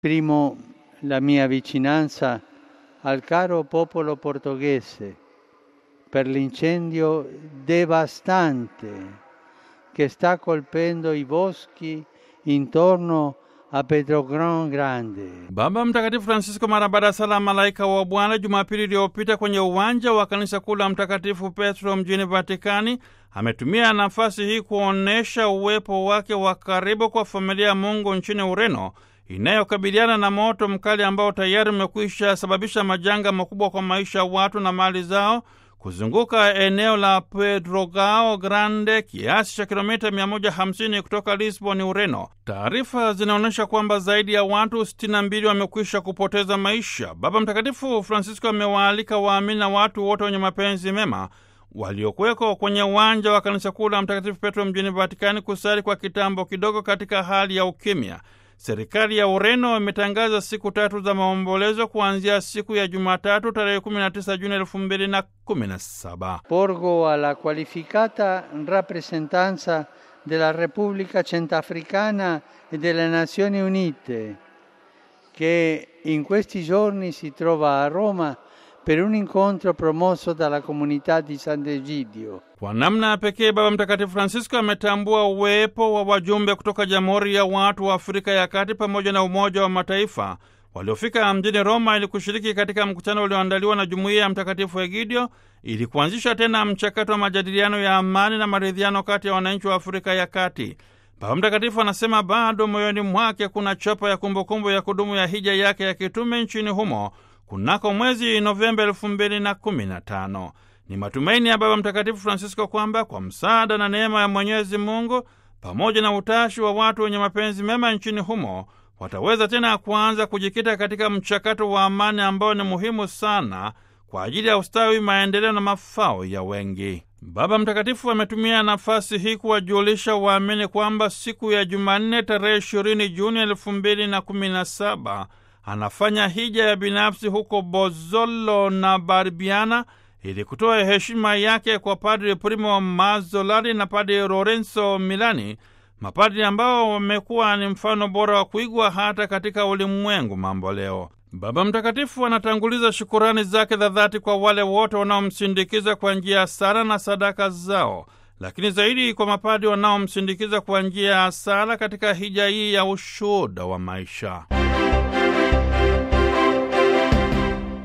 Primo la mia vicinanza al caro popolo portoghese per l'incendio devastante che sta colpendo i boschi intorno a Petrograd Grande. Baba Mtakatifu Francisco mara baada ya sala malaika wa Bwana Jumapili iliyopita kwenye uwanja wa kanisa kuu la Mtakatifu Petro mjini Vatikani ametumia nafasi hii kuonyesha uwepo wake wa karibu kwa familia ya Mungu nchini Ureno inayokabiliana na moto mkali ambao tayari umekwisha sababisha majanga makubwa kwa maisha ya watu na mali zao kuzunguka eneo la Pedrogao Grande kiasi cha kilomita 150 kutoka Lisbon, Ureno. Taarifa zinaonyesha kwamba zaidi ya watu 62 wamekwisha kupoteza maisha. Baba Mtakatifu Francisco amewaalika waamini na watu wote wenye mapenzi mema waliokuwekwa kwenye uwanja wa kanisa kuu la Mtakatifu Petro mjini Vatikani kusali kwa kitambo kidogo katika hali ya ukimya. Serikali ya Ureno imetangaza siku tatu za maombolezo kuanzia siku ya Jumatatu tarehe 19 Juni 2017. Porgo alla qualificata rappresentanza della Repubblica Centrafricana e delle Nazioni Unite che in questi giorni si trova a Roma per un incontro promosso dalla comunità di Sant'Egidio. Kwa namna ya pekee Baba Mtakatifu Francisco ametambua uwepo wa wajumbe kutoka Jamhuri ya Watu wa Afrika ya Kati pamoja na Umoja wa Mataifa waliofika mjini Roma ili kushiriki katika mkutano ulioandaliwa na Jumuiya ya Mtakatifu Egidio ili kuanzisha tena mchakato wa majadiliano ya amani na maridhiano kati ya wananchi wa Afrika ya Kati. Baba Mtakatifu anasema bado moyoni mwake kuna chapa ya kumbukumbu ya kudumu ya hija yake ya kitume nchini humo kunako mwezi Novemba elfu mbili na kumi na tano. Ni matumaini ya Baba Mtakatifu Francisco kwamba kwa msaada na neema ya Mwenyezi Mungu pamoja na utashi wa watu wenye mapenzi mema nchini humo wataweza tena kuanza kujikita katika mchakato wa amani ambao ni muhimu sana kwa ajili ya ustawi, maendeleo na mafao ya wengi. Baba Mtakatifu ametumia nafasi hii kuwajulisha waamini kwamba siku ya Jumanne tarehe 20 Juni 217 anafanya hija ya binafsi huko Bozolo na Barbiana ili kutoa heshima yake kwa padri Primo mazolari na padri Lorenzo Milani, mapadri ambao wamekuwa ni mfano bora wa kuigwa hata katika ulimwengu mambo leo. Baba Mtakatifu anatanguliza shukurani zake za dhati kwa wale wote wanaomsindikiza kwa njia ya sala na sadaka zao, lakini zaidi kwa mapadri wanaomsindikiza kwa njia ya sala katika hija hii ya ushuhuda wa maisha.